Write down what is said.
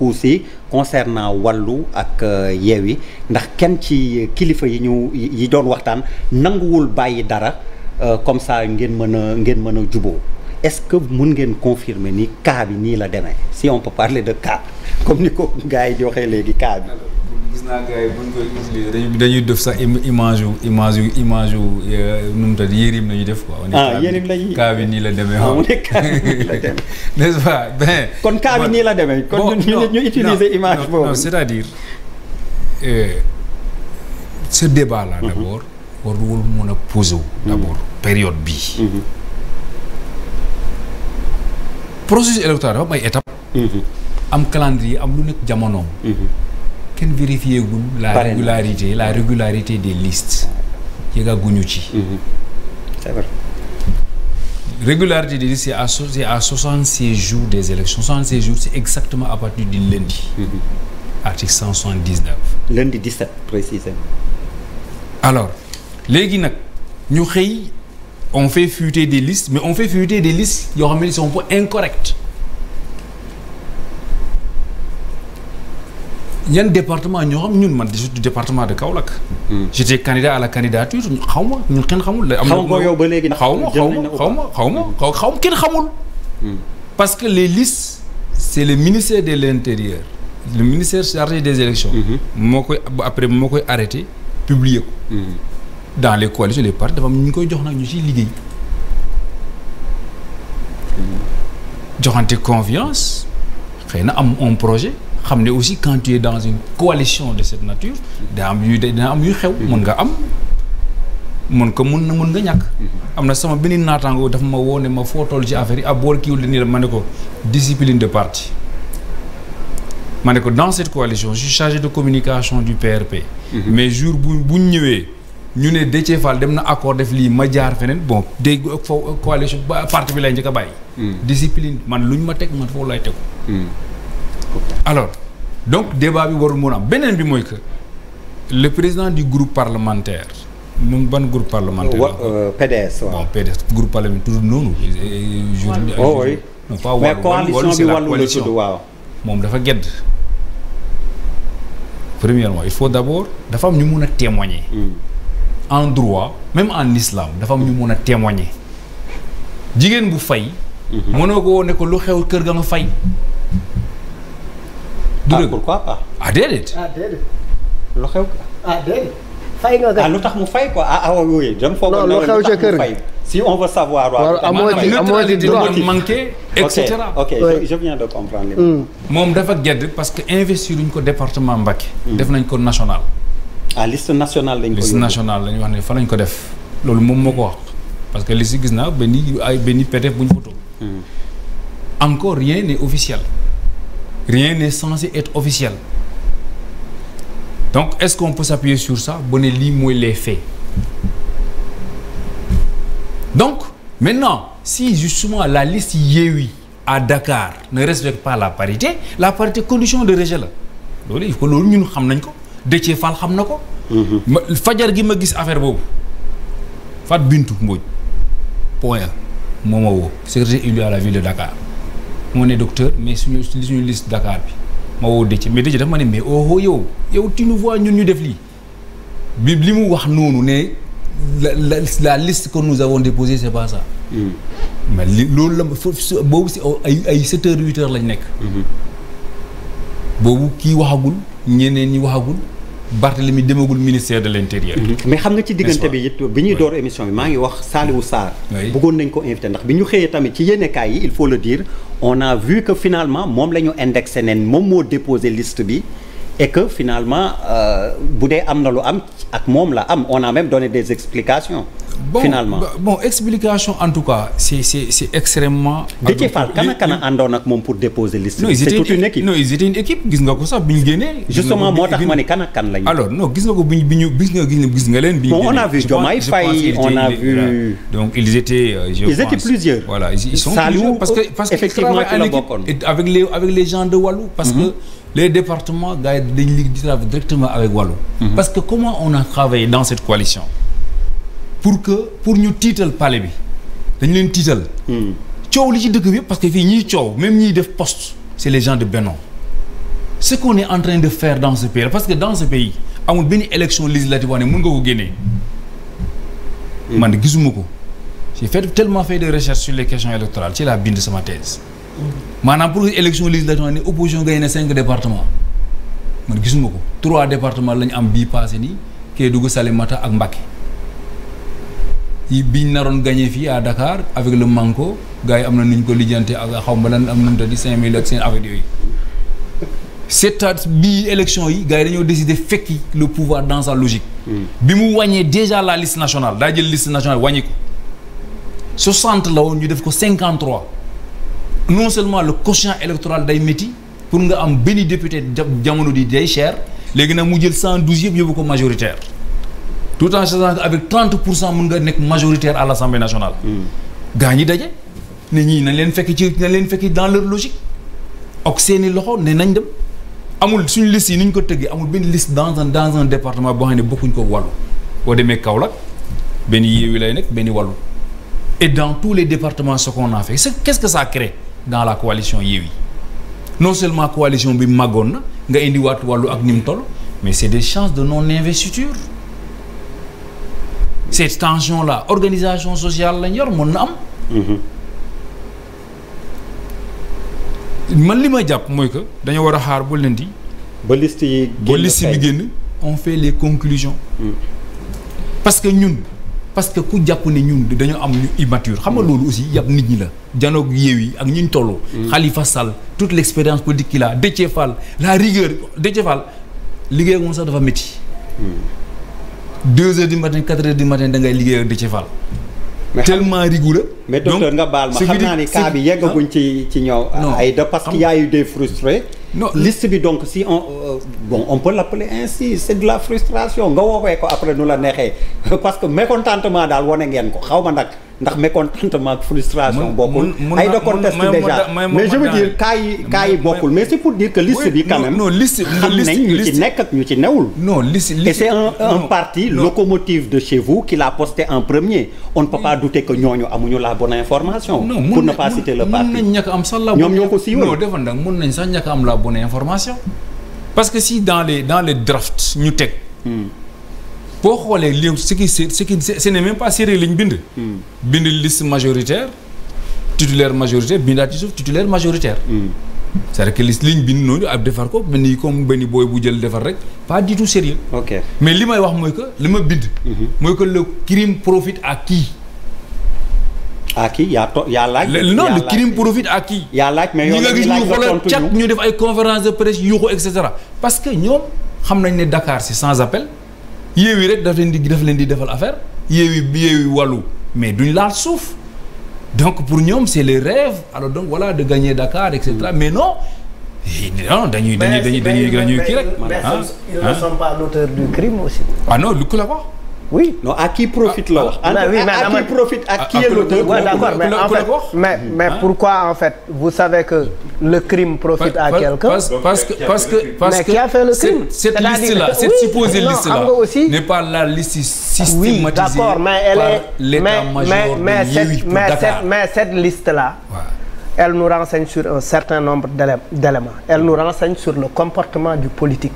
aussi concernant wàllu ak euh, yeew yi ndax kenn ci kilifa yi ñu yi doon waxtaan nanguwul bàyyi dara euh, comme saa ngeen mën a ngeen mën a juboo est-ce que mun ngeen confirmer ni cas bi nii la demee si on peut parler de cas comme ni ko gars yi di waxee léegi cas gis naa dañuy def sax image yu image yu image yu euh, nu mu tëdd def quoi. ah yérim demee. Ah, kon kaa nii la demee. kon ñu ñu utiliser image boobu. non c'est-à-dire euh, mhm. mun a posé wu. Mhm. d'abord période bii. Mhm. processus électoral dafa am ay étapes. am calendrier am lu nekk jamonoom. kenn vérifié gul la régularité la régularité des listes yëgaguñu ci. Mhm. c'est vrai. régularité des listes c'est à c'est à 66 jours des élections 66 jours c'est exactement à partir du lundi. Mhm. article 179. lundi 17 précisément. alors léegi nag ñu xëy on fait fuiter des listes mais on fait fuiter des listes yoo xam ne ils sont pas yan département ñoo xam ñun man du département de Kaolack. Hmm. j'étais candidat à la candidature xaw ma ñun kenn xamul. am na ko yow ba léegi ndax xaw ma xaw ma xaw ma xaw hmm. ma xaw ma kenn xamul. Hmm. parce que les listes c'est le ministère de l'intérieur le ministère chargé des élections moo koy après moo koy arrêté publier ko. dans les coalitions les partis dafa mu ñu koy jox nag ñu ciy liggéey. joxante confiance xëy na am un projet. xam ne aussi quand dans une coalition de cette nature daa am yuy dina am yuy xew mën nga am mën ko mën na mën nga ñàkk mhm. am na sama beneen naataango dafa ma woone ma foo toll ci affaire yi ab bool kiiwul de nii ma ne ko discipline de parti ma ne ko dans cette coalition je suis de communication du PRP mhm. mais jour bu bu ñëwee ñu ne Déthié Fall dem na accord def lii ma jaar feneen bon dégg foofu coalition parti bi lay njëkk a bàyyi mhm. discipline man lu ñu ma teg man foofu lay tegu alors donc débat bi warul mun am beneen bi mooy que le président du groupe parlementaire moom ban groupe parlementaire. wa euh, PDS waaw bon PDS groupe parlementaire tudd noonu. waaw oh, oui non pas waaw moom dafa gedd premièrement il faut d'abord dafa am ñu mun a témoigner. Hmm. en droit même en islam dafa am ñu mun a témoigner. jigéen bu fay. Hmm. mënoo ko ne ko lu xew kër ga nga fay. du dëgg ah. pourquoi pas. ah lu xew. ah nga ah lu tax mu fay ko ah awa ah, yooyu dem foog non lu xew ca kër ga si on veut savoir. waaw amoo ci amoo ci droit manqué et de comprendre. Mm. moom dafa gedd parce que investir duñ ko département Mbacké. Mm. def nañ ko national. ah national nationale lañ ko liste nationale lañ wax ne fa nañ ko def. loolu moom moo ko wax parce que li si gis naa benn ay benn PDF bu ñu photo mm. encore rien n'est officiel. rien n'est censé être officiel donc est-ce qu'on peut s'appuyer sur ça ba lii mooy les faits donc maintenant si justement la liste Yewwi à Dakar ne respecte par la parité la parité condition de rejet la loolu il faut loolu ñun xam nañ ko Déthié Fall xam na ko. Mhm. fajar gi ma gis affaire boobu Fat Bintou Mbodj point moom moo woo secrétaire élu à la ville de Dakar. moo ne docteur mais suñu li suñu liste Dakar bi ma woo Déthié mais Déthié dafa ma ne mais oh, oh yow yow tu nous ñun ñu def lii bi li mu wax noonu ne la la la liste que nous avons déposée c'est pas ça. Hmm. mais li loolu la foofu boobu si ay ay sept heures huit heures lañ nekk. Hmm. boobu kii waxagul ñeneen ñi waxagul. Barthélemy demagul ministère de l' intérieur. Mhm. mais xam nga ci diggante bi it bi ñuy door émission bi maa ngi wax Saliou Sarr. bëggoon nañ ko invité ndax bi ñu xëyee tamit ci yéenekaay yi il faut le dire on a vu que finalement moom la ñu neen moom moo déposé list bi. et que finalement euh, bu dee am na lu am ak moom la am on a même donné des explications. bon, finalement bon explication en tout cas c'est c'est c'est extrêmement. Déthié Fall kana kana àndoon ak moom pour déposer liste. non c'est toute une équipe non ils étaient une équipe gis nga ko sax bi ñu génnee. justement moo tax ma ne kan ak kan lañu. alors non gis nga ko bi ñu bi ñu gis nga gis nga leen. bi ñu génnee on a vu Diomaye Faye on a vu. donc ils étaient euh, je pense ils étaient plusieurs. voilà ils sont plusieurs parce que parce que effectivement ci la bokkoon avec les avec les gens de Wallu parce mhm. que. les départements gars yi dañu liggéey di travailler directement avec Wallu. Mhm. parce que comment on a travaillé dans cette coalition. pour que pour ñu tiital pale bi dañu leen tiital. Hmm. coow li ci dëkk bi parce que fii ñiy coow même ñiy def post c'est les gens de Benno ce qu'on est en train de faire dans ce pays parce que dans ce pays amul benn élection législative wax ne mën nga ko génnee. Hmm. man gisuma ko. j'ai fait tellement fait de recherche sur les questions électorales ci laa bind sama thèse. Hmm. maanaam pour élection législative ne opposition gagne na cinq départements man gisuma ko trois départements lañu am bii passé nii Kédougou Salémata ak Mbacké. bi biñ naroon gagné fii à Dakar avec le manco gars yi am na nuñ ko lijjante ak xaw ma lan am nu mu tëdd 5000 ak seen affaire yooyu. c'est bii élection yi gars yi dañoo décider fekki le pouvoir dans sa logique. Hmm. bi mu wàññee déjà la liste nationale daa jël liste nationale wàññi ko. 60 la woon ñu def ko 53 non seulement le quotient électoral day métti pour nga am benn député jamono di day cher léegi nag mu jël 112 yëpp yóbbu ko majoritaire. tout en sachant qu'avec 30 pour cent mën nga nekk majoritaire à l' assemblée nationale. gaa ñi daje. ne ñii nañ leen fekk ci nañ leen fekk dans leur logique. ok seeni loxo ne nañ dem. amul suñu liste yi ni ñu ko tëggee amul benn liste dans un dans un département boo xam ne bokkuñ ko wàllu. boo demee Kaolack benn Yewwi lay nekk benn wàllu. et dans tous les départements ce qu'on a fait c'est qu'est-ce que ça crée dans la coalition Yewwi non seulement coalition bi màggoon na nga indiwaat wàllu ak ni mu toll mais c'est des chances de non investiture. cette tension là organisation sociale lañ yor mën na am. Mhm. man li may jàpp mooy que dañoo war a xaar ba lundi. ba liste yi génn ba liste bi génn on fait les conclusions. Mm. parce que ñun parce que ku jàpp ne ñun dañoo am ñu immature. xam nga mm. loolu aussi yàpp nit ñi la. janoog yeew yi ak ñuñ toll. Mm. Khalifa Sall tout les expérience politique qu'il a Déthié Fall la rigueur Déthié Fall liggéey moom sax dafa métti. Mm. deux heures du matin quatre heures du matin da ngay liggéey ak Déthié Fall. tellement rigoureux. mais docteur nga baal ma xam naa ni cas bi yeggaguñ ah ci ci ñoom. Euh, ay da parce qu'il y a eu des frustrés. non bi donc si on euh, bon on peut l'appeler ainsi c'est de la frustration nga woowee ko après nu la neexee parce que mécontentement daal wane ngeen ko xaw ma nag. ndax mécontentement ak frustration bokkul ay de conteste déjà mais je veux dire cas yi cas nañ ñu ci newul non liste et c'est un un parti de chez vous l'a posté en premier on ne peut pas douter amuñu la bonne information pour ne pas citer le nañ ñàkk am sax la ñoom ñoo ko siiwal non defal nag mun nañ sax ñàkk am la bonne information parce que si dans les dans les drafts ñu teg hmm. boo xoolee li ce qui ce qui ce n'est même ñu bind. Hmm. bind liste majoritaire titulaire majoritaire bindaat ci suuf titulaire majoritaire. cest à li ñu bind noonu ab defar ko mel ni comme benn bu jël defar rek pas du tout mais li may wax mooy que li ma bind. Hmm. mooy que le crime profit ak kii à qui yaa to yaa laaj. non le crime profite kii qui. yaa laaj mais yow nga gis ñu xoolal cat ñu def ay conférence de presse yuuxu et cetera parce que ñoom xam nañ ne Dakar c'est sans appel. yi rek daf leen di daf leen di defal affaire Yewwi Yewwi Wallu mais ñu laal suuf donc pour ñoom c'est le rêve alors donc walla de gagner Dakar et cetera mais non. non dañuy dañuy dañuy dañuy kii rek. ah ils ne sont pas l'auteur du crime ah non lu ko la wax. oui non à qui profite ah, la wax. ah oui mais ah, ah, en fait mais mais pourquoi en fait vous savez que le crime profite à quelqu'un. parce que parce que parce que mais qui a fait le crime. cette liste là la liste systématisée par l'état-major de Yewwi pour Dakar mais cette liste là. elle nous renseigne sur un certain nombre d'éléments elle nous renseigne sur le comportement du politique